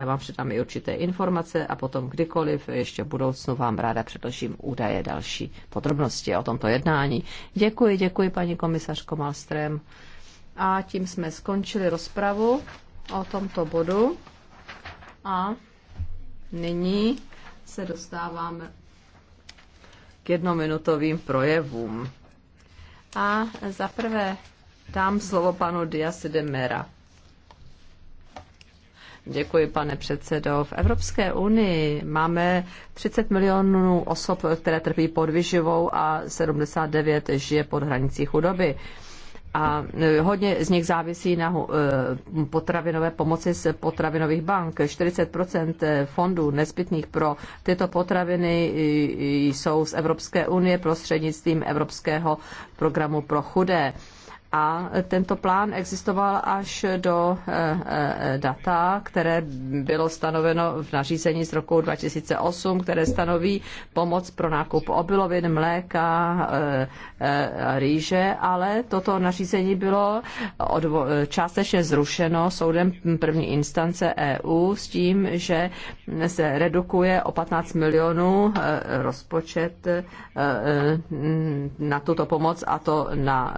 Já vám předám i určité informace a potom kdykoliv ještě v budoucnu vám ráda předložím údaje další podrobnosti o tomto jednání. Děkuji, děkuji paní komisařko Malstrem. A tím jsme skončili rozpravu o tomto bodu. A nyní se dostáváme k jednominutovým projevům. A zaprvé dám slovo panu Dias Mera. Děkuji, pane předsedo. V Evropské unii máme 30 milionů osob, které trpí podvyživou a 79 žije pod hranicí chudoby. A e, hodně z nich závisí na e, potravinové pomoci z potravinových bank. 40 e, fondů nezbytných pro tyto potraviny jsou z Evropské unie prostřednictvím Evropského programu pro chudé a tento plán existoval až do eh, eh, data, které bylo stanoveno v nařízení z roku 2008, které stanoví pomoc pro nákup obilovin, mléka, eh, rýže, ale toto nařízení bylo částečně zrušeno soudem první instance EU s tím, že se redukuje o 15 milionů rozpočet na tuto pomoc a to na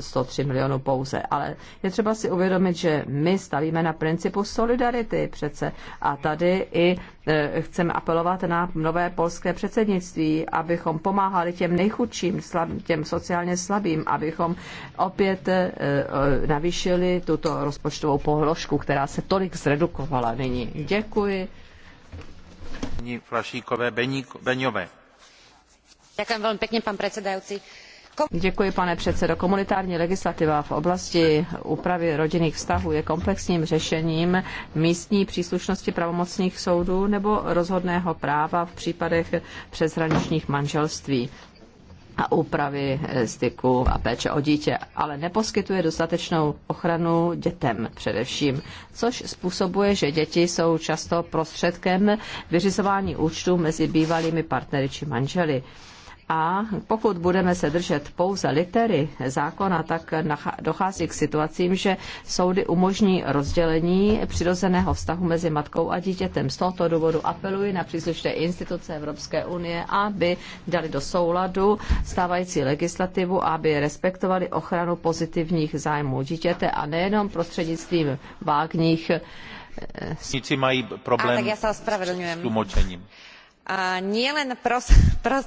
100 3 milionů pouze, ale je třeba si uvědomit, že my stavíme na principu solidarity přece a tady i e, chceme apelovat na nové polské předsednictví, abychom pomáhali těm nejchudším, těm sociálně slabým, abychom opět e, e, navýšili tuto rozpočtovou pohložku, která se tolik zredukovala nyní. Děkuji. Flašíkové Beňové. Ďakujem veľmi pekne, pán predsedajúci Děkuji, pane předsedo. Komunitární legislativa v oblasti úpravy rodinných vztahů je komplexním řešením místní příslušnosti pravomocných soudů nebo rozhodného práva v případech přeshraničních manželství a úpravy eh, styku a péče o dítě, ale neposkytuje dostatečnou ochranu dětem především, což způsobuje, že děti jsou často prostředkem vyřizování účtů mezi bývalými partnery či manželi. A pokud budeme se držet pouze litery zákona, tak dochází k situacím, že soudy umožní rozdělení přirozeného vztahu mezi matkou a dítětem. Z tohoto důvodu apeluji na příslušné instituce Evropské unie, aby dali do souladu stávající legislativu, aby respektovali ochranu pozitivních zájmů dítěte a nejenom prostřednictvím vágních. Eh, Nici mají problém a, tak já se s tlumočením. A nielen pros, pros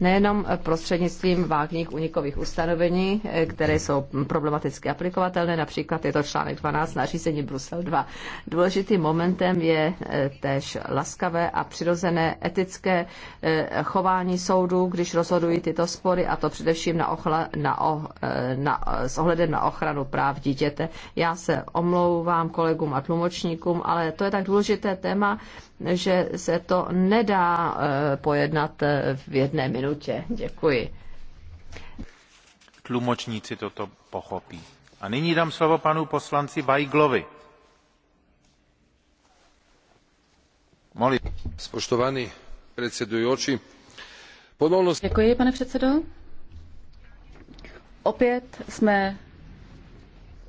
nejenom prostřednictvím vágních unikových ustanovení, které jsou problematicky aplikovatelné, například je to článek 12 nařízení Brusel 2. Důležitým momentem je eh, též laskavé a přirozené etické eh, chování soudů, když rozhodují tyto spory, a to především na, ochla, na, o, eh, na s ohledem na ochranu práv dítěte. Já se omlouvám kolegům a tlumočníkům, ale to je tak důležité téma, že se to nedá eh, pojednat eh, v jedné minutě. Děkuji. Tlumočníci toto pochopí. A nyní dám slovo panu poslanci Vajglovi. Moli. Spoštovaný předsedující, ponovno... Děkuji, pane předsedo. Opět jsme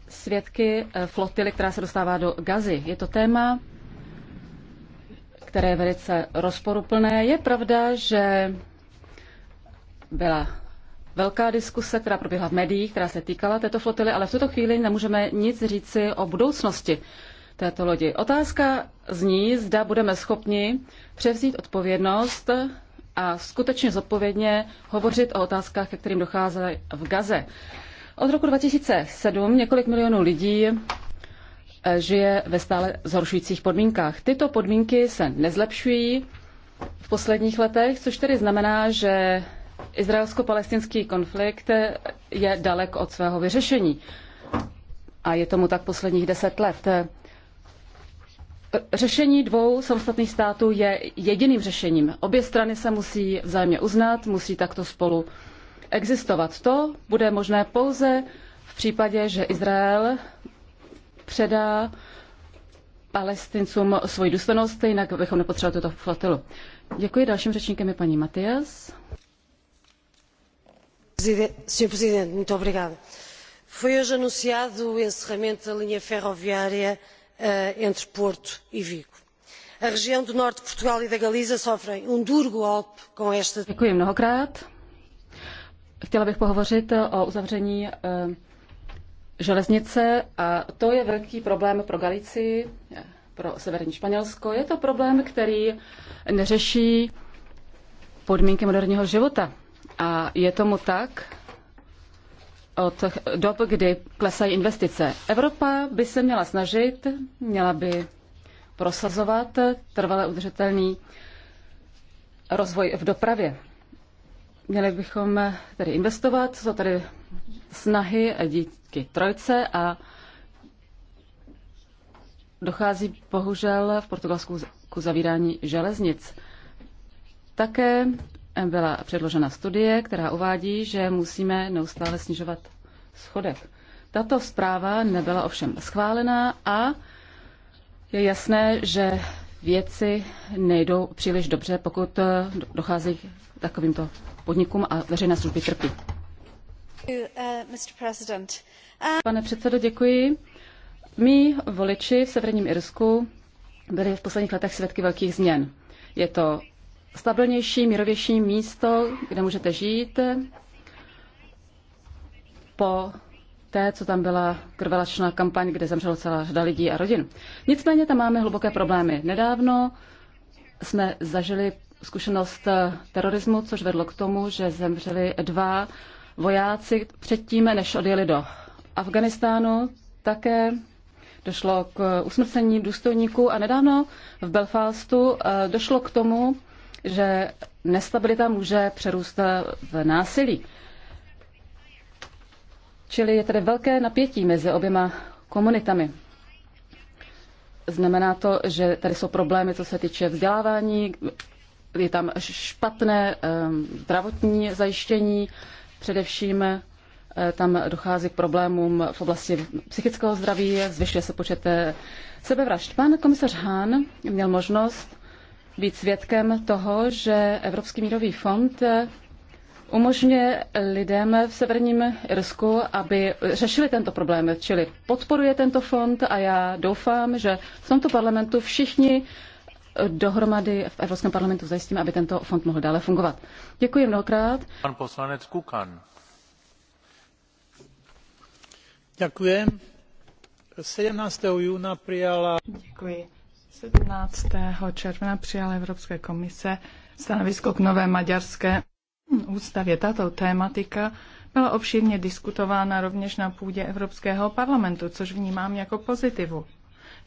svědky eh, flotily, která se dostává do Gazy. Je to téma, které je velice rozporuplné. Je pravda, že byla velká diskuse, která proběhla v médiích, která se týkala této flotily, ale v tuto chvíli nemůžeme nic říci o budoucnosti této lodi. Otázka zní, zda budeme schopni převzít odpovědnost a skutečně zodpovědně hovořit o otázkách, ke kterým dochází v Gaze. Od roku 2007 několik milionů lidí Eh, žije ve stále zhoršujících podmínkách. Tyto podmínky se nezlepšují v posledních letech, což tedy znamená, že izraelsko-palestinský konflikt je dalek od svého vyřešení. A je tomu tak posledních deset let. Řešení dvou samostatných států je jediným řešením. Obě strany se musí vzájemně uznat, musí takto spolu existovat. To bude možné pouze v případě, že Izrael předá palestincům svoji důstojnost, jinak bychom nepotřebovali tuto flotilu. Děkuji. Dalším řečníkem je paní Matias. Senhor Presidente, muito obrigada. Foi hoje anunciado o encerramento da linha ferroviária uh, entre Porto e Vigo. A região do norte de Portugal e da Galiza sofrem um duro golpe com esta. Děkuji mnohokrát. Chtěla bych pohovořit eh, o uzavření uh, železnice a to je velký problém pro Galicii, pro severní Španělsko. Je to problém, který neřeší podmínky moderního života. A je tomu tak od dob, kdy klesají investice. Evropa by se měla snažit, měla by prosazovat trvale udržitelný rozvoj v dopravě. Měli bychom tady investovat, jsou tady snahy k trojce a dochází bohužel v Portugalsku k zavírání železnic. Také byla předložena studie, která uvádí, že musíme neustále snižovat schodek. Tato zpráva nebyla ovšem schválená a je jasné, že věci nejdou příliš dobře, pokud dochází k takovýmto podnikům a veřejné služby trpí. Uh, Pane předsedo, děkuji. Mí voliči v Severním Irsku byli v posledních letech svědky velkých změn. Je to stabilnější, mírovější místo, kde můžete žít po té, co tam byla krvelačná kampaň, kde zemřelo celá řada lidí a rodin. Nicméně tam máme hluboké problémy. Nedávno jsme zažili zkušenost terorismu, což vedlo k tomu, že zemřeli dva vojáci předtím, než odjeli do Afganistánu také došlo k usmrcení důstojníků a nedávno v Belfastu eh, došlo k tomu, že nestabilita může přerůst v násilí. Čili je tady velké napětí mezi oběma komunitami. Znamená to, že tady jsou problémy, co se týče vzdělávání, je tam špatné eh, zdravotní zajištění, především Eh, tam dochází k problémům v oblasti psychického zdraví, zvyšuje se počet eh, sebevražd. Pan komisař Hahn měl možnost být svědkem toho, že Evropský mírový fond eh, umožňuje lidem v severním Irsku, aby řešili tento problém, čili podporuje tento fond a já doufám, že v tomto parlamentu všichni dohromady v Evropském parlamentu zajistíme, aby tento fond mohl dále fungovat. Děkuji mnohokrát. Pan poslanec Kukan. Děkuji. 17. přijala... Děkuji. 17. června přijala Evropské komise stanovisko k nové maďarské ústavě. Tato tématika byla obšírně diskutována rovněž na půdě Evropského parlamentu, což vnímám jako pozitivu.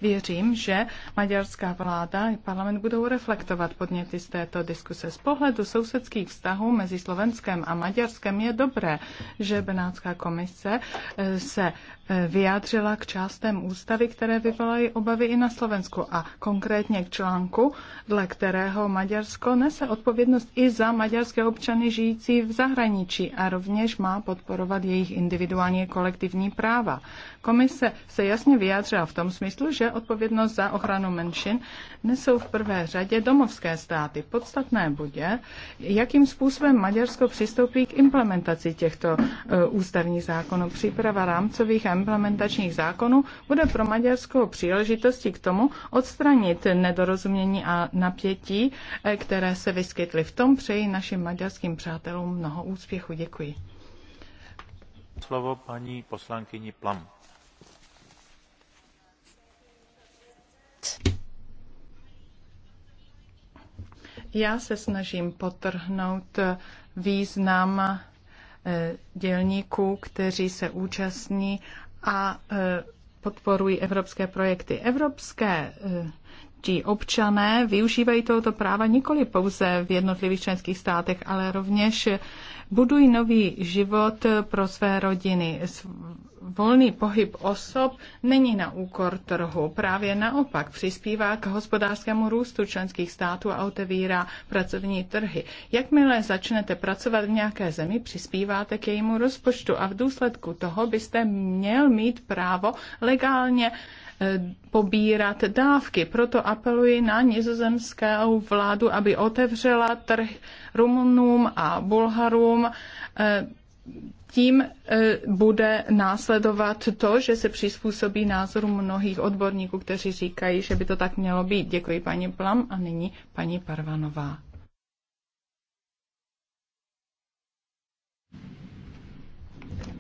Věřím, že maďarská vláda i parlament budou reflektovat podněty z této diskuse. Z pohledu sousedských vztahů mezi Slovenskem a Maďarskem je dobré, že Benátská komise eh, se eh, vyjádřila k částem ústavy, které vyvolají obavy i na Slovensku a konkrétně k článku, dle kterého Maďarsko nese odpovědnost i za maďarské občany žijící v zahraničí a rovněž má podporovat jejich individuální kolektivní práva. Komise se jasně vyjádřila v tom smyslu, že že odpovědnost za ochranu menšin nesou v prvé řadě domovské státy. Podstatné bude, jakým způsobem Maďarsko přistoupí k implementaci těchto e, ústavních zákonů. Příprava rámcových a implementačních zákonů bude pro Maďarsko příležitostí k tomu odstranit nedorozumění a napětí, e, které se vyskytly. V tom přeji našim maďarským přátelům mnoho úspěchu. Děkuji. Slovo paní poslankyni Plam Já se snažím potrhnout význam e, dělníků, kteří se účastní a e, podporují evropské projekty. Evropské e, ti občané využívají tohoto práva nikoli pouze v jednotlivých členských státech, ale rovněž budují nový život pro své rodiny. Volný pohyb osob není na úkor trhu, právě naopak přispívá k hospodářskému růstu členských států a otevírá pracovní trhy. Jakmile začnete pracovat v nějaké zemi, přispíváte k jejímu rozpočtu a v důsledku toho byste měl mít právo legálně Eh, pobírat dávky. Proto apeluji na nizozemskou vládu, aby otevřela trh Rumunům a Bulharům. Eh, tím eh, bude následovat to, že se přizpůsobí názoru mnohých odborníků, kteří říkají, že by to tak mělo být. Děkuji paní Plam a nyní paní Parvanová.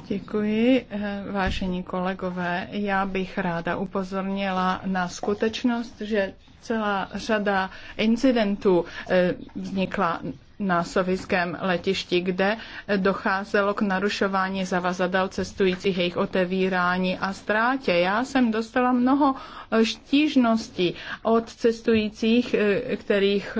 Děkuji, eh, vážení kolegové. Já bych ráda upozornila na skutečnost, že celá řada incidentů eh, vznikla na sovětském letišti, kde docházelo k narušování zavazadel cestujících, jejich otevírání a ztrátě. Já jsem dostala mnoho štížností od cestujících, eh, kterých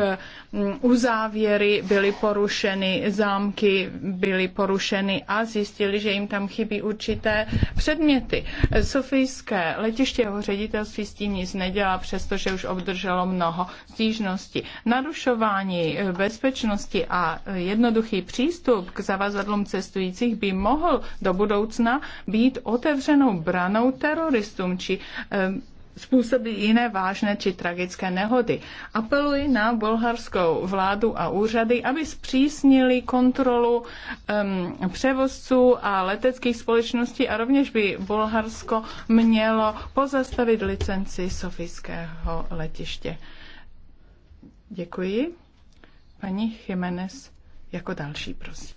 mm, uzávěry byly porušeny, zámky byly porušeny a zjistili, že jim tam chybí určité předměty. Sofijské letiště jeho ředitelství s tím nic nedělá, přestože už obdrželo mnoho stížností. Narušování eh, bezpečnosti znalosti a jednoduchý přístup k zavazadlům cestujících by mohl do budoucna být otevřenou branou teroristům či způsobí jiné vážné či tragické nehody. Apeluji na bulharskou vládu a úřady, aby zpřísnili kontrolu um, převozců a leteckých společností a rovněž by Bulharsko mělo pozastavit licenci Sofijského letiště. Děkuji. Paní Jiménez jako další, prosím.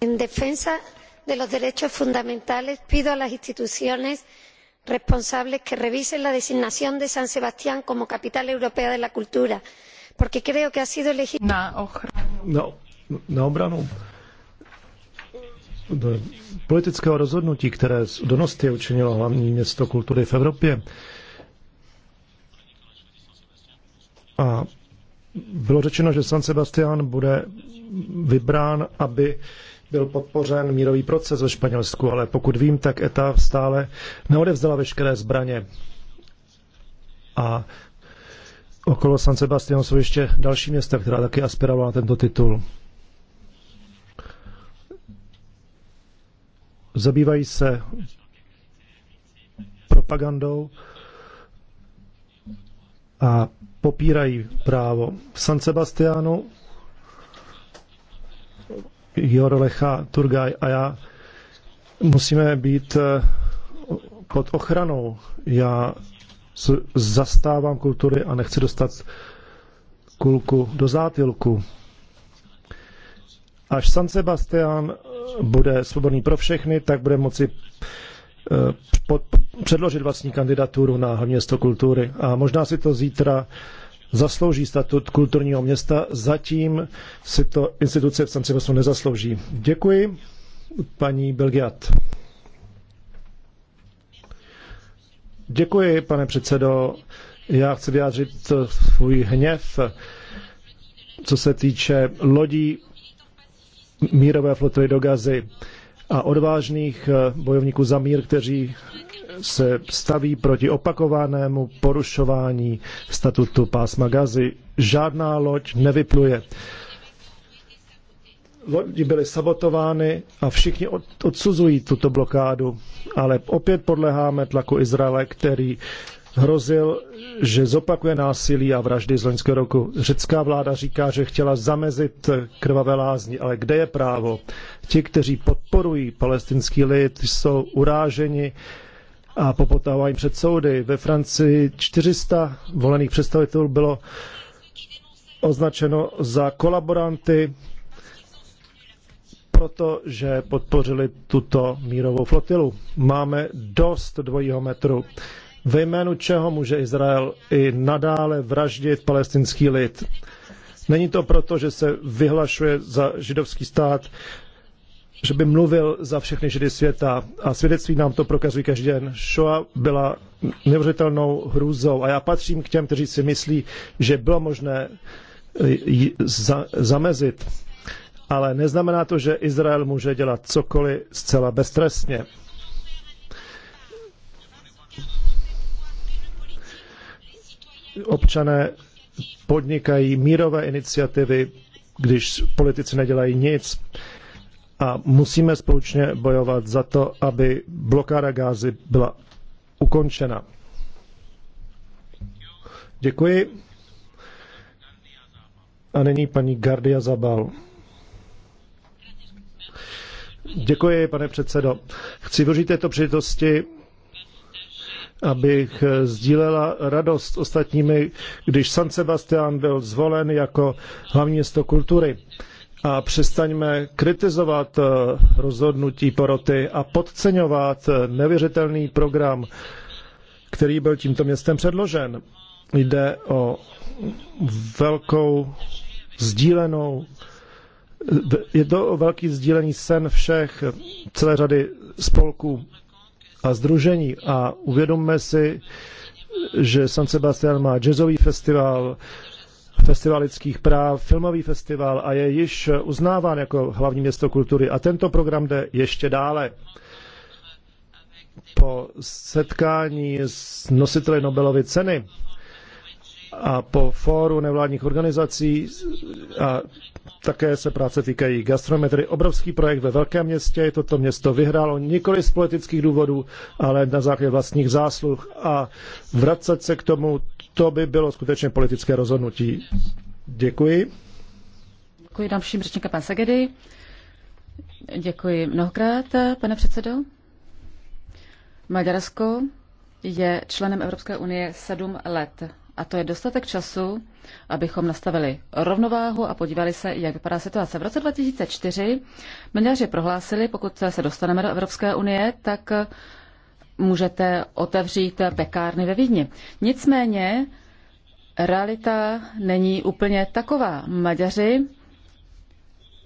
En defensa de los derechos fundamentales pido a las instituciones responsables que revisen la designación de San Sebastián como capital europea de la cultura, porque creo que ha sido elegido. Na ochranu. No, na obranu. Do politického rozhodnutí, které z Donosti učinilo hlavní město kultury v Evropě, a bylo řečeno, že San Sebastián bude vybrán, aby byl podpořen mírový proces ve Španělsku, ale pokud vím, tak ETA stále neodevzdala veškeré zbraně. A okolo San Sebastián jsou ještě další města, která taky aspirovala na tento titul. Zabývají se propagandou a popírají právo. V San Sebastianu Jor Lecha, Turgaj a já musíme být eh, pod ochranou. Já zastávám kultury a nechci dostat kulku do zátilku. Až San Sebastian bude svobodný pro všechny, tak bude moci předložit vlastní kandidaturu na město kultury. A možná si to zítra zaslouží statut kulturního města, zatím si to instituce v Sancibesmu nezaslouží. Děkuji, paní Belgiat. Děkuji, pane předsedo. Já chci vyjádřit svůj hněv, co se týče lodí mírové flotily do Gazy a odvážných eh, bojovníků za mír, kteří se staví proti opakovanému porušování statutu pásma Gazy. Žádná loď nevypluje. Lodi byly sabotovány a všichni odsuzují tuto blokádu, ale opět podleháme tlaku Izraele, který hrozil, že zopakuje násilí a vraždy z loňského roku. Řecká vláda říká, že chtěla zamezit krvavé lázni, ale kde je právo? Ti, kteří podporují palestinský lid, jsou uráženi a popotávají před soudy. Ve Francii 400 volených představitelů bylo označeno za kolaboranty, protože podpořili tuto mírovou flotilu. Máme dost dvojího metru ve jménu čeho může Izrael i nadále vraždit palestinský lid. Není to proto, že se vyhlašuje za židovský stát, že by mluvil za všechny židy světa a svědectví nám to prokazují každý den. Shoah byla neuvěřitelnou hrůzou a já patřím k těm, kteří si myslí, že bylo možné eh, za, zamezit. Ale neznamená to, že Izrael může dělat cokoliv zcela beztrestně. občané podnikají mírové iniciativy, když politici nedělají nic. A musíme společně bojovat za to, aby blokáda gázy byla ukončena. Děkuji. A nyní paní Gardia Zabal. Děkuji, pane předsedo. Chci využít této příležitosti abych eh, sdílela radost s ostatními, když San Sebastián byl zvolen jako hlavní město kultury. A přestaňme kritizovat eh, rozhodnutí poroty a podceňovat eh, nevěřitelný program, který byl tímto městem předložen. Jde o velkou sdílenou je to velký sdílený sen všech celé řady spolků a združení. A uvědomme si, že San Sebastian má jazzový festival, festival lidských práv, filmový festival a je již uznáván jako hlavní město kultury. A tento program jde ještě dále. Po setkání s nositeli Nobelovy ceny a po fóru nevládních organizací a také se práce týkají gastronomie, tedy obrovský projekt ve velkém městě. Toto město vyhrálo nikoli z politických důvodů, ale na základě vlastních zásluh a vracet se k tomu, to by bylo skutečně politické rozhodnutí. Děkuji. Děkuji dalším řečníka pan Segedy. Děkuji mnohokrát, pane předsedo. Maďarsko je členem Evropské unie sedm let. A to je dostatek času, abychom nastavili rovnováhu a podívali se, jak vypadá situace. V roce 2004 milňaři prohlásili, pokud se dostaneme do Evropské unie, tak můžete otevřít pekárny ve Vídni. Nicméně realita není úplně taková. Maďaři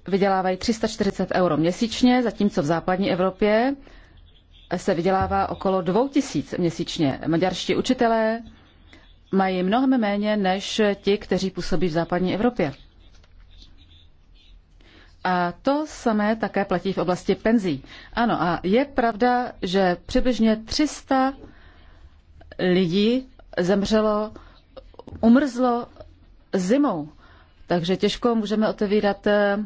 vydělávají 340 euro měsíčně, zatímco v západní Evropě se vydělává okolo 2000 měsíčně. Maďarští učitelé mají mnohem méně než ti, kteří působí v západní Evropě. A to samé také platí v oblasti penzí. Ano, a je pravda, že přibližně 300 lidí zemřelo, umrzlo zimou. Takže těžko můžeme otevírat eh,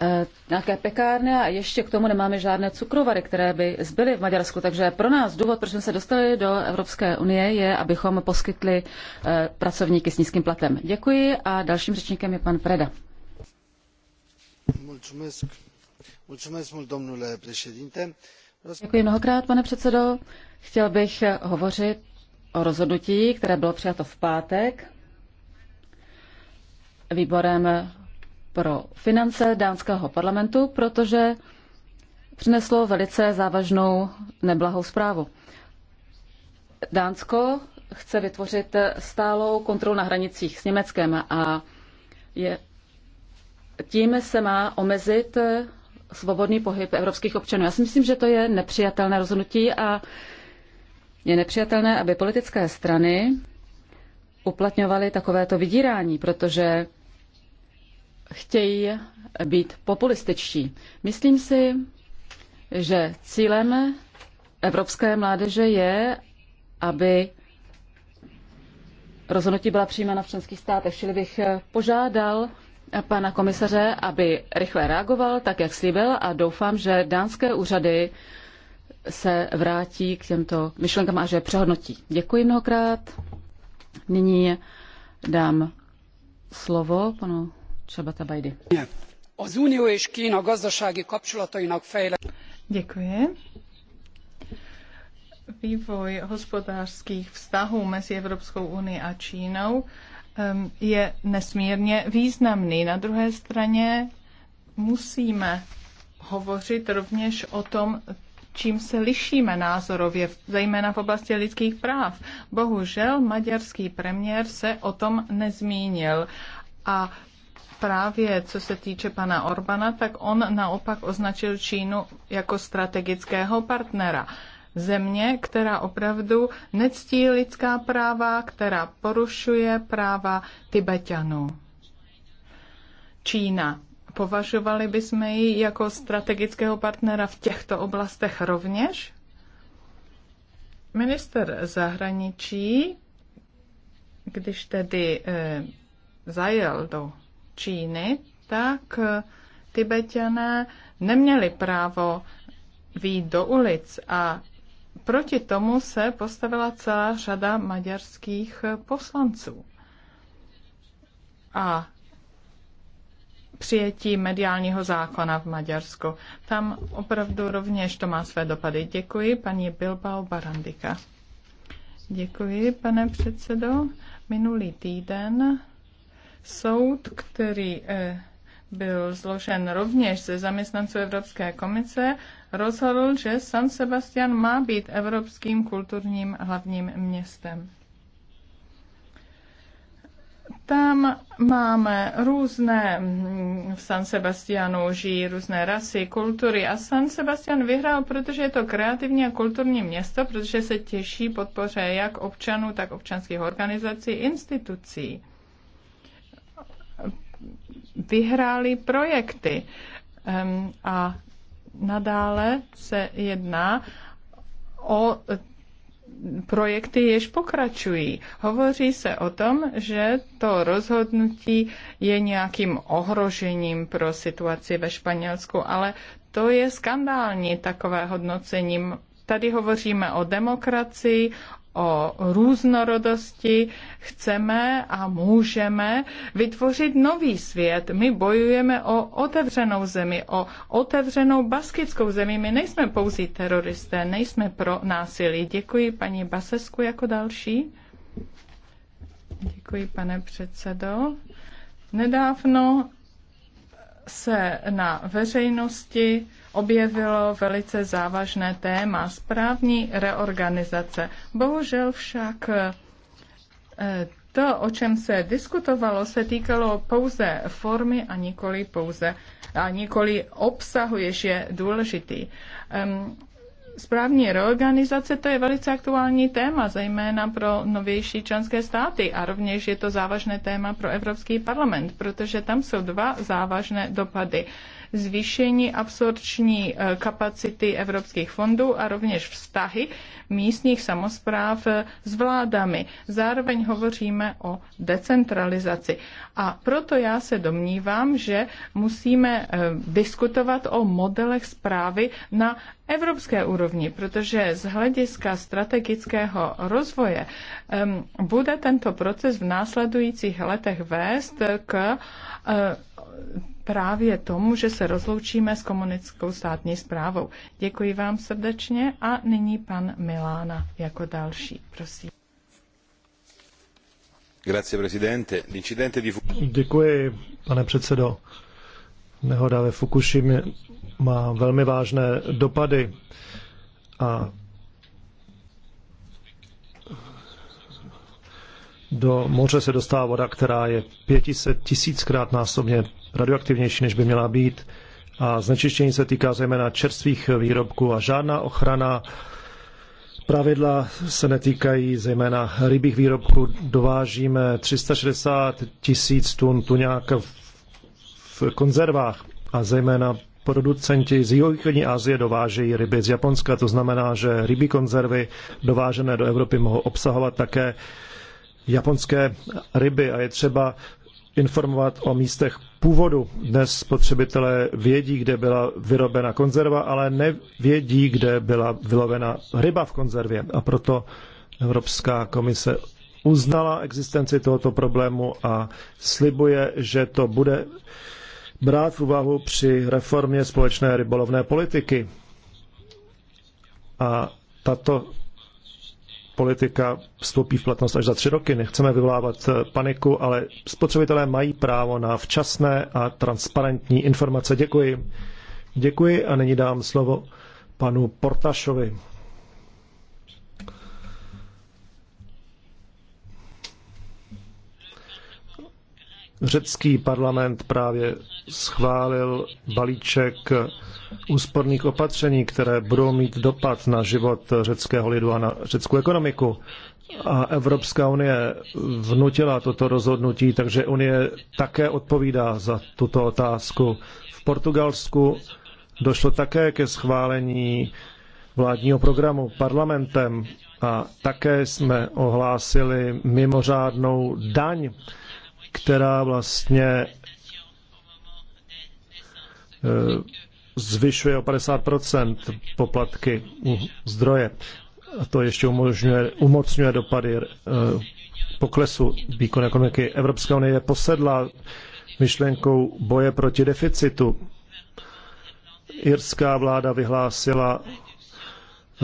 Eh, nějaké pekárny a ještě k tomu nemáme žádné cukrovary, které by zbyly v Maďarsku. Takže pro nás důvod, proč jsme se dostali do Evropské unie, je, abychom poskytli eh, pracovníky s nízkým platem. Děkuji a dalším řečníkem je pan Preda. Děkuji mnohokrát, pane předsedo. Chtěl bych hovořit o rozhodnutí, které bylo přijato v pátek výborem pro finance dánského parlamentu, protože přineslo velice závažnou neblahou zprávu. Dánsko chce vytvořit stálou kontrolu na hranicích s Německem a je, tím se má omezit svobodný pohyb evropských občanů. Já si myslím, že to je nepřijatelné rozhodnutí a je nepřijatelné, aby politické strany uplatňovaly takovéto vydírání, protože chtějí být populističtí. Myslím si, že cílem evropské mládeže je, aby rozhodnutí byla přijímána v členských státech. Čili bych požádal pana komisaře, aby rychle reagoval, tak jak slíbil, a doufám, že dánské úřady se vrátí k těmto myšlenkám a že je přehodnotí. Děkuji mnohokrát. Nyní dám slovo panu Čabatabajd. Az Unió és Kína gazdasági kapcsolatainak fejlesztése. Vývoj hospodářských vztahů mezi Evropskou unii a Čínou ehm, je nesmírně významný. Na druhé straně musíme hovořit rovněž o tom, čím se lišíme názorově, zejména v oblasti lidských práv. Bohužel maďarský premiér se o tom nezmínil. A právě co se týče pana Orbana, tak on naopak označil Čínu jako strategického partnera. Země, která opravdu nectí lidská práva, která porušuje práva Tibetanů. Čína. Považovali bychom ji jako strategického partnera v těchto oblastech rovněž? Minister zahraničí, když tedy e, zajel do Číny, tak eh, Tibetané neměli právo výjít do ulic a proti tomu se postavila celá řada maďarských eh, poslanců. A přijetí mediálního zákona v Maďarsku. Tam opravdu rovněž to má své dopady. Děkuji, paní Bilbao Barandika. Děkuji, pane předsedo. Minulý týden Soud, který eh, byl zložen rovněž ze zaměstnanců Evropské komise, rozhodl, že San Sebastian má být evropským kulturním hlavním městem. Tam máme různé, mm, v San Sebastianu žijí různé rasy, kultury a San Sebastian vyhrál, protože je to kreativní a kulturní město, protože se těší podpoře jak občanů, tak občanských organizací, institucí vyhráli projekty. A nadále se jedná o e, projekty jež pokračují. Hovoří se o tom, že to rozhodnutí je nějakým ohrožením pro situaci ve Španělsku, ale to je skandální takové hodnocení. Tady hovoříme o demokracii, o různorodosti, chceme a můžeme vytvořit nový svět. My bojujeme o otevřenou zemi, o otevřenou baskickou zemi. My nejsme pouzí teroristé, nejsme pro násilí. Děkuji paní Basesku jako další. Děkuji, pane předsedo. Nedávno se na veřejnosti objevilo velice závažné téma správní reorganizace. Bohužel však eh, to, o čem se diskutovalo, se týkalo pouze formy a nikoli pouze a nikoli obsahu, jež je důležitý správní reorganizace to je velice aktuální téma, zejména pro novější členské státy a rovněž je to závažné téma pro Evropský parlament, protože tam jsou dva závažné dopady zvýšení absorpční eh, kapacity evropských fondů a rovněž vztahy místních samozpráv eh, s vládami. Zároveň hovoříme o decentralizaci. A proto já se domnívám, že musíme eh, diskutovat o modelech zprávy na evropské úrovni, protože z hlediska strategického rozvoje bude tento proces v následujících letech vést k právě tomu, že se rozloučíme s komunickou státní zprávou. Děkuji vám srdečně a nyní pan Milána jako další. Prosím. Děkuji, pane předsedo. Nehoda ve Fukušimě má velmi vážné dopady a do moře se dostává voda, která je 500 tisíckrát násobně radioaktivnější, než by měla být. A znečištění se týká zejména čerstvých výrobků a žádná ochrana pravidla se netýkají zejména rybích výrobků. Dovážíme 360 tisíc tun tuňák v konzervách a zejména producenti z jihovýchodní Asie dovážejí ryby z Japonska. To znamená, že rybí konzervy dovážené do Evropy mohou obsahovat také japonské ryby a je třeba informovat o místech původu. Dnes spotřebitelé vědí, kde byla vyrobena konzerva, ale nevědí, kde byla vylovena ryba v konzervě. A proto Evropská komise uznala existenci tohoto problému a slibuje, že to bude brát v úvahu při reformě společné rybolovné politiky. A tato politika vstoupí v platnost až za tři roky. Nechceme vyvolávat eh, paniku, ale spotřebitelé mají právo na včasné a transparentní informace. Děkuji. Děkuji a nyní dám slovo panu Portašovi. Řecký parlament právě schválil balíček úsporných opatření, které budou mít dopad na život řeckého lidu a na řeckou ekonomiku. A Evropská unie vnutila toto rozhodnutí, takže unie také odpovídá za tuto otázku. V Portugalsku došlo také ke schválení vládního programu parlamentem a také jsme ohlásili mimořádnou daň která vlastně eh, zvyšuje o 50% poplatky u zdroje. A to ještě umožňuje, umocňuje dopady eh, poklesu výkonu ekonomiky. Evropská unie je posedla myšlenkou boje proti deficitu. Irská vláda vyhlásila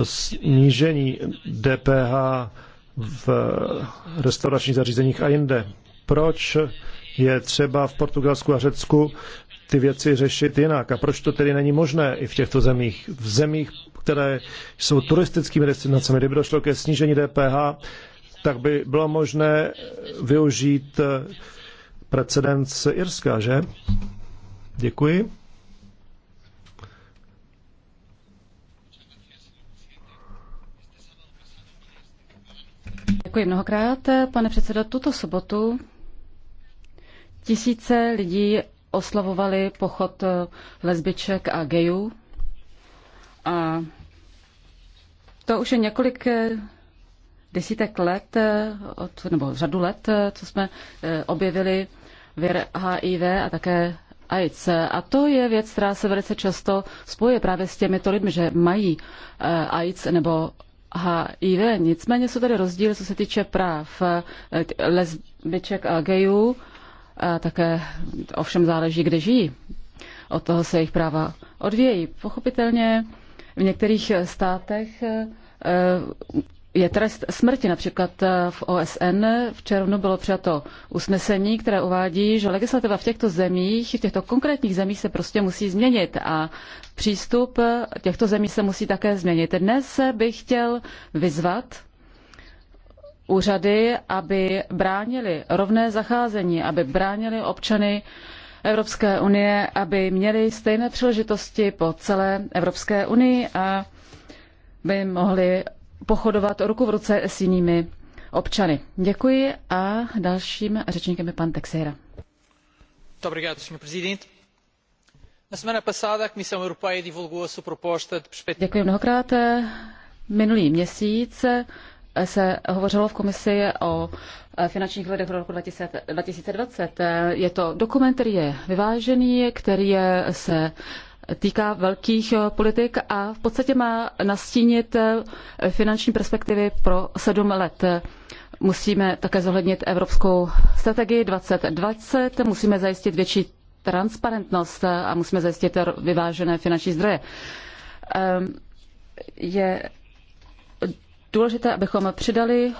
snížení DPH v restauračních zařízeních a jinde proč je třeba v Portugalsku a Řecku ty věci řešit jinak a proč to tedy není možné i v těchto zemích. V zemích, které jsou turistickými destinacemi, kdyby došlo ke snížení DPH, tak by bylo možné využít eh, z Irska, že? Děkuji. Děkuji mnohokrát, pane předsedo. Tuto sobotu Tisíce lidí oslavovali pochod eh, lesbiček a gejů. A to už je několik eh, desítek let, eh, od, nebo řadu let, co jsme objevili vir HIV a také AIDS. A to je věc, která se velice často spojuje právě s těmito lidmi, že mají AIDS nebo HIV. Nicméně jsou tady rozdíly, co se týče práv lesbiček a gejů a také ovšem záleží, kde žijí. Od toho se jejich práva odvějí. Pochopitelně v některých státech eh, je trest smrti. Například eh, v OSN v červnu bylo přijato usnesení, které uvádí, že legislativa v těchto zemích, v těchto konkrétních zemích se prostě musí změnit a přístup eh, těchto zemí se musí také změnit. Dnes bych chtěl vyzvat úřady, aby bránili rovné zacházení, aby bránili občany Evropské unie, aby měli stejné příležitosti po celé Evropské unii a by mohli pochodovat ruku v ruce s jinými občany. Děkuji a dalším řečníkem je pan Texeira. Děkuji mnohokrát. Minulý měsíc se hovořilo v komisi o eh, finančních hledech roku 2020. Eh, je to dokument, který je vyvážený, který je, se týká velkých eh, politik a v podstatě má nastínit finanční perspektivy pro sedm let. Musíme také zohlednit Evropskou strategii 2020, musíme zajistit větší transparentnost a musíme zajistit vyvážené finanční zdroje. Ehm, je důležité, abychom přidali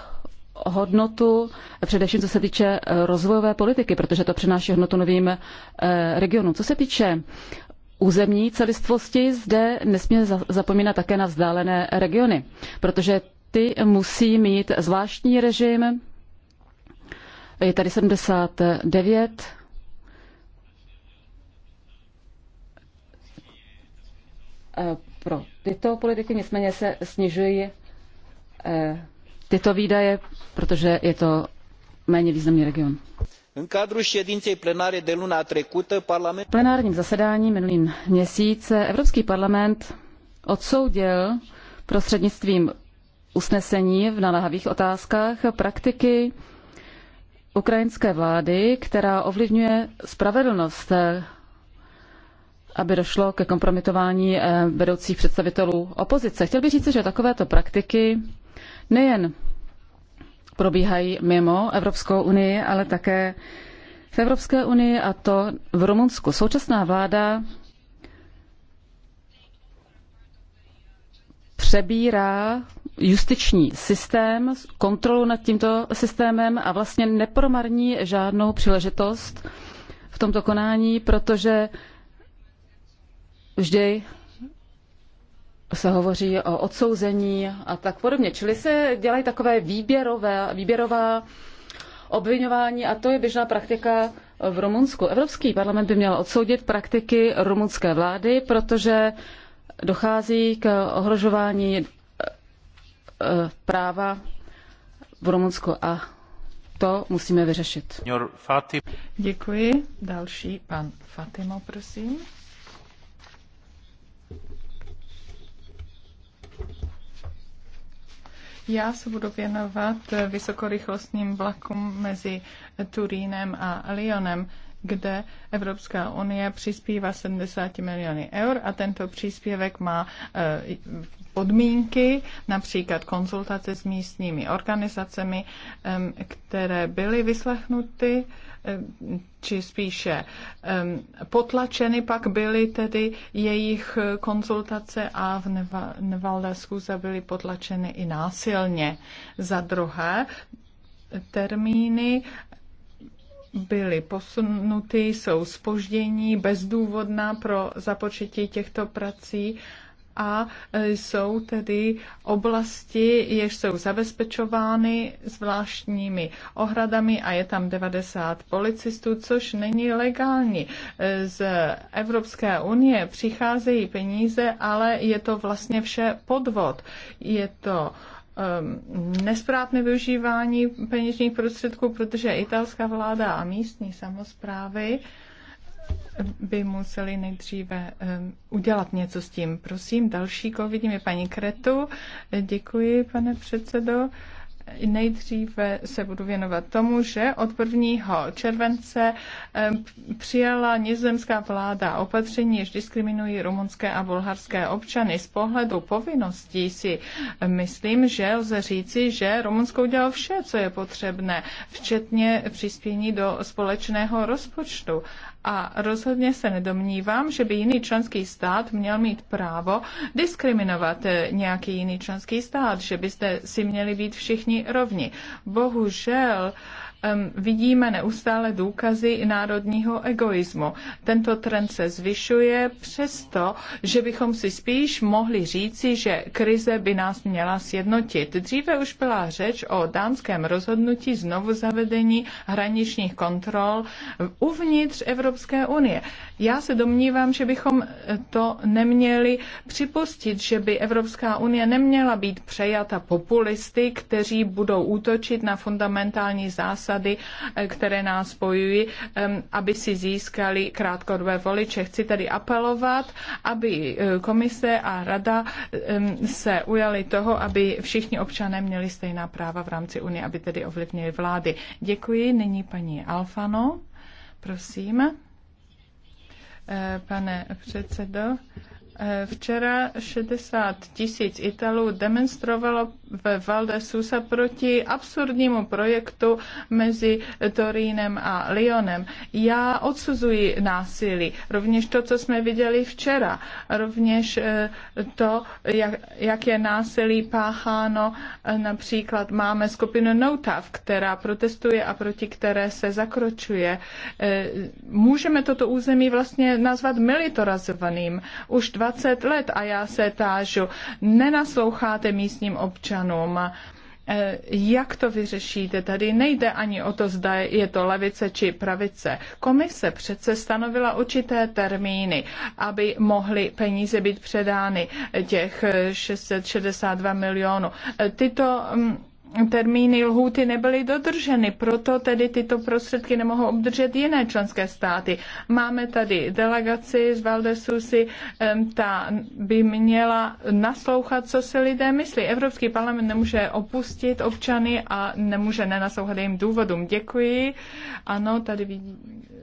hodnotu, především co se týče eh, rozvojové politiky, protože to přináší hodnotu novým eh, regionům. Co se týče územní celistvosti, zde nesmíme zapomínat také na vzdálené regiony, protože ty musí mít zvláštní režim. Je tady 79 eh, pro tyto politiky, nicméně se snižují Eh, tyto výdaje, protože je to méně významný region. În cadrul ședinței plenare de luna trecută, parlament... Plenárním zasedání minulý měsíc Evropský parlament odsoudil prostřednictvím usnesení v naléhavých otázkách praktiky ukrajinské vlády, která ovlivňuje spravedlnost, aby došlo ke kompromitování eh, vedoucích představitelů opozice. Chtěl bych říct, že takovéto praktiky nejen probíhají mimo Evropskou unii, ale také v Evropské unii a to v Rumunsku. Současná vláda přebírá justiční systém, kontrolu nad tímto systémem a vlastně nepromarní žádnou příležitost v tomto konání, protože vždy se hovoří o odsouzení a tak podobně. Čili se dělají takové výběrové, výběrová obvinování a to je běžná praktika v Rumunsku. Evropský parlament by měl odsoudit praktiky rumunské vlády, protože dochází k ohrožování eh, práva v Rumunsku a to musíme vyřešit. Děkuji. Další pan Fatimo, prosím. Já se budu věnovat vysokorychlostním vlakům mezi Turínem a Lyonem kde Evropská unie přispívá 70 miliony eur a tento příspěvek má eh, podmínky, například konzultace s místními organizacemi, které byly vyslechnuty, eh, či spíše potlačeny pak byly tedy jejich konzultace a v Nevalda zkuze byly potlačeny i násilně. Za druhé, termíny byly posunuty, jsou spoždění, bezdůvodná pro započetí těchto prací a e, jsou tedy oblasti, jež jsou zabezpečovány zvláštními ohradami a je tam 90 policistů, což není legální. E, z Evropské unie přicházejí peníze, ale je to vlastně vše podvod. Je to Um, nesprávné využívání peněžních prostředků, protože italská vláda a místní samozprávy by museli nejdříve um, udělat něco s tím. Prosím, další, kovidím je paní Kretu. Děkuji, pane předsedo. Nejdříve se budu věnovat tomu, že od 1. července přijala nizozemská vláda opatření, jež diskriminují rumunské a bulharské občany. Z pohledu povinností si myslím, že lze říci, že Rumunsko udělalo vše, co je potřebné, včetně přispění do společného rozpočtu a rozhodně se nedomnívám, že by jiný členský stát měl mít právo diskriminovat eh, nějaký jiný členský stát, že byste si měli být všichni rovni. Bohužel vidíme neustále důkazy národního egoismu. Tento trend se zvyšuje přesto, že bychom si spíš mohli říci, že krize by nás měla sjednotit. Dříve už byla řeč o dánském rozhodnutí znovu zavedení hraničních kontrol uvnitř Evropské unie. Já se domnívám, že bychom eh, to neměli připustit, že by Evropská unie neměla být přejata populisty, kteří budou útočit na fundamentální zásady zásady, eh, které nás spojují, aby si získali krátkodobé voliče. Chci tedy apelovat, aby eh, komise a rada se ujali toho, aby všichni občané měli stejná práva v rámci Unie, aby tedy ovlivnili vlády. Děkuji. Nyní paní Alfano. Prosím. Eh, pane předsedo, Včera 60 tisíc Italů demonstrovalo ve se proti absurdnímu projektu mezi Torínem a Lyonem. Já odsuzuji násilí, rovněž to, co jsme viděli včera, rovněž eh, to, jak, jak je násilí pácháno. Eh, například máme skupinu Notav, která protestuje a proti které se zakročuje. Eh, můžeme toto území vlastně nazvat militarizovaným už 20 let a já se tážu, nenasloucháte místním občanům občanům. Eh, jak to vyřešíte? Tady nejde ani o to, zda je to levice či pravice. Komise přece stanovila určité termíny, aby mohly peníze být předány těch 662 milionů. Eh, tyto mm, termíny lhůty nebyly dodrženy, proto tedy tyto prostředky nemohou obdržet jiné členské státy. Máme tady delegaci z Valdesusy, ta by měla naslouchat, co si lidé myslí. Evropský parlament nemůže opustit občany a nemůže nenaslouchat jejím důvodům. Děkuji. Ano, tady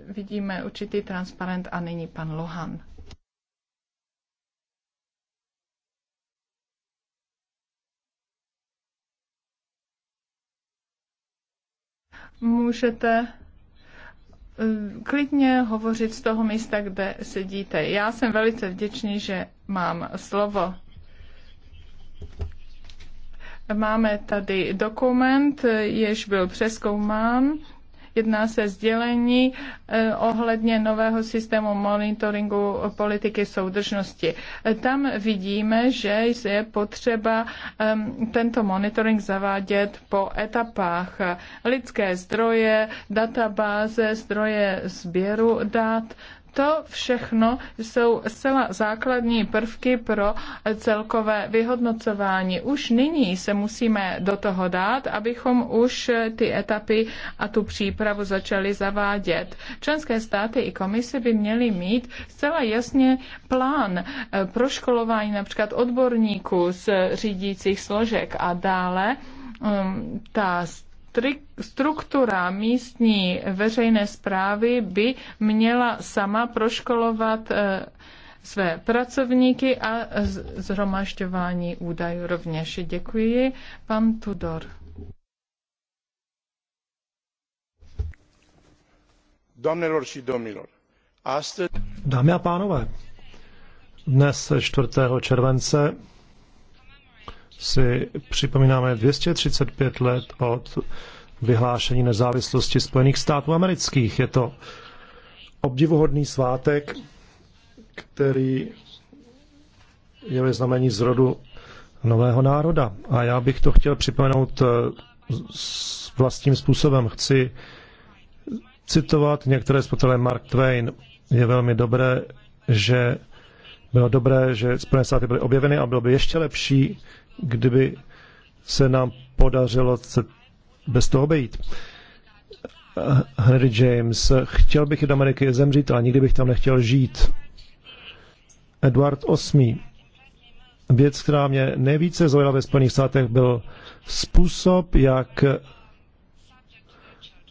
vidíme určitý transparent a nyní pan Lohan. můžete eh, klidně hovořit z toho místa, kde sedíte. Já jsem velice vděčný, že mám slovo. Máme tady dokument, jež byl přeskoumán Jedná se sdělení eh, ohledně nového systému monitoringu politiky soudržnosti. Eh, tam vidíme, že je potřeba ehm, tento monitoring zavádět po etapách. Lidské zdroje, databáze, zdroje sběru dat, to všechno jsou zcela základní prvky pro celkové vyhodnocování. Už nyní se musíme do toho dát, abychom už ty etapy a tu přípravu začali zavádět. Členské státy i komise by měly mít zcela jasně plán pro školování, například odborníků z řídících složek a dále um, ta struktura místní veřejné zprávy by měla sama proškolovat eh, své pracovníky a zhromažďování údajů rovněž. Děkuji. Pan Tudor. Doamnelor și domnilor, Dámy a pánové, dnes 4. července si připomínáme 235 let od vyhlášení nezávislosti Spojených států amerických. Je to obdivuhodný svátek, který je ve znamení zrodu nového národa. A já bych to chtěl připomenout eh, s vlastním způsobem. Chci citovat některé z potelé Mark Twain. Je velmi dobré, že bylo dobré, že Spojené státy byly objeveny a bylo by ještě lepší, kdyby se nám podařilo se bez toho obejít. Henry James, chtěl bych do Ameriky zemřít, ale nikdy bych tam nechtěl žít. Edward VIII. Věc, která mě nejvíce zaujala ve Spojených státech, byl způsob, jak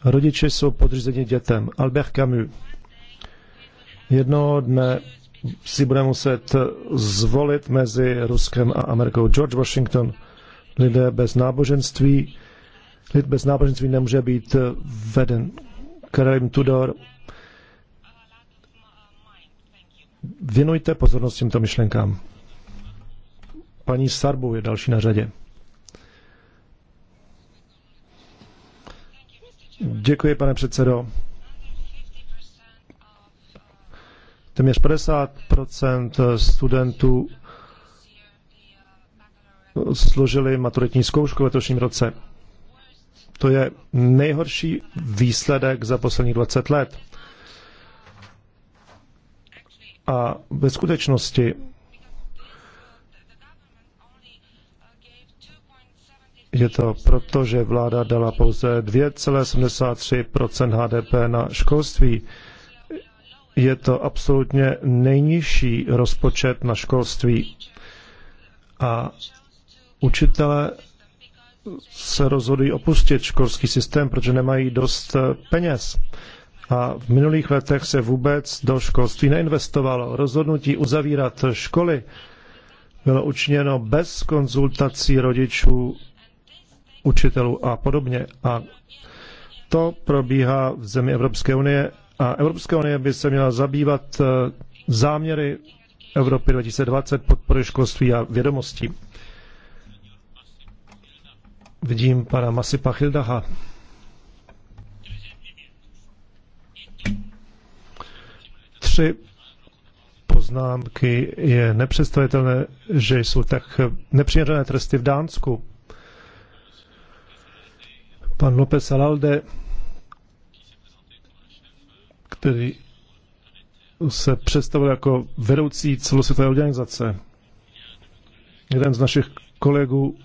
rodiče jsou podřízeni dětem. Albert Camus. Jednoho dne si bude muset zvolit mezi Ruskem a Amerikou. George Washington, lidé bez náboženství, lid bez náboženství nemůže být veden. Karim Tudor, věnujte pozornost těmto myšlenkám. Paní Sarbu je další na řadě. Děkuji, pane předsedo. Téměř 50 studentů složili maturitní zkoušku v letošním roce. To je nejhorší výsledek za posledních 20 let. A ve skutečnosti je to proto, že vláda dala pouze 2,73 HDP na školství je to absolutně nejnižší rozpočet na školství. A učitele se rozhodují opustit školský systém, protože nemají dost eh, peněz. A v minulých letech se vůbec do školství neinvestovalo. Rozhodnutí uzavírat školy bylo učiněno bez konzultací rodičů, učitelů a podobně. A to probíhá v zemi Evropské unie a Evropská unie by se měla zabývat eh, záměry Evropy 2020 podpory školství a vědomostí. Vidím pana Masipa Childaha. Tři poznámky je nepředstavitelné, že jsou tak nepřiměřené tresty v Dánsku. Pan López Alalde který se představil jako vedoucí celosvětové organizace. Jeden z našich kolegů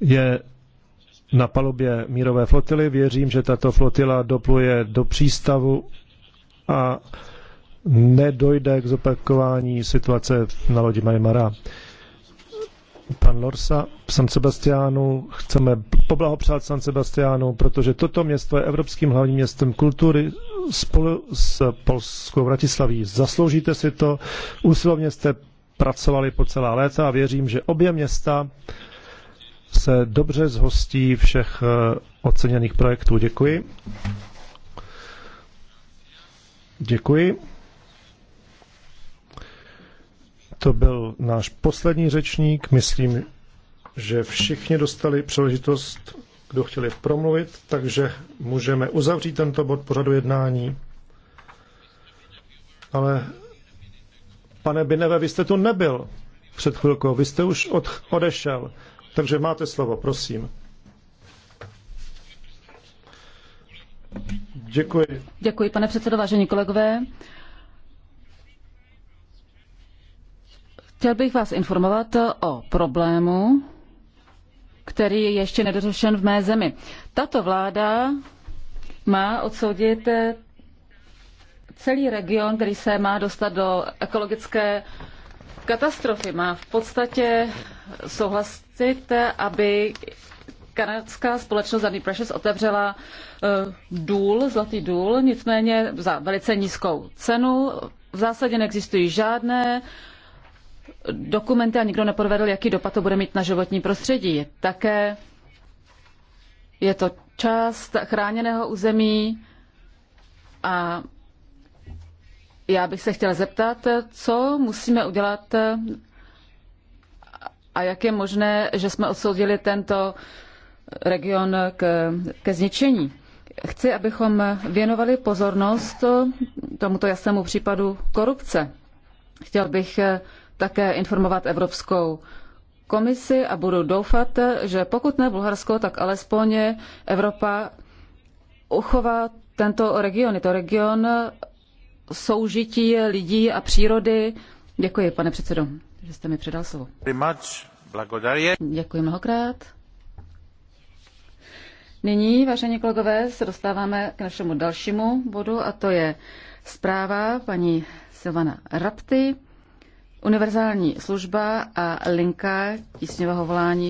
je na palubě mírové flotily. Věřím, že tato flotila dopluje do přístavu a nedojde k zopakování situace na lodi Marimara pan Lorsa, San Sebastiánu. Chceme poblahopřát San Sebastiánu, protože toto město je evropským hlavním městem kultury spolu s Polskou Bratislaví. Zasloužíte si to, úsilovně jste pracovali po celá léta a věřím, že obě města se dobře zhostí všech eh, oceněných projektů. Děkuji. Děkuji. To byl náš poslední řečník. Myslím, že všichni dostali příležitost, kdo chtěli promluvit, takže můžeme uzavřít tento bod pořadu jednání. Ale pane Bineve, vy jste tu nebyl před chvilkou, vy jste už od, odešel, takže máte slovo, prosím. Děkuji. Děkuji, pane předsedo, vážení kolegové. Chtěl bych vás informovat o problému, který je ještě nedořešen v mé zemi. Tato vláda má odsoudit celý region, který se má dostat do ekologické katastrofy. Má v podstatě souhlasit, aby kanadská společnost Zadný Precious otevřela eh, důl, zlatý důl, nicméně za velice nízkou cenu. V zásadě neexistují žádné uh, dokumenty a nikdo neprovedl, jaký dopad to bude mít na životní prostředí. Také je to část chráněného území a já bych se chtěla zeptat, co musíme udělat a jak je možné, že jsme odsoudili tento region k, ke zničení. Chci, abychom věnovali pozornost tomuto jasnému případu korupce. Chtěl bych také informovat Evropskou komisi a budu doufat, že pokud ne Bulharsko, tak alespoň Evropa uchová tento region. Je to region soužití lidí a přírody. Děkuji, pane předsedo, že jste mi předal slovo. Děkuji mnohokrát. Nyní, vážení kolegové, se dostáváme k našemu dalšímu bodu a to je zpráva paní Silvana Rapty. Univerzální služba a linka tísňového volání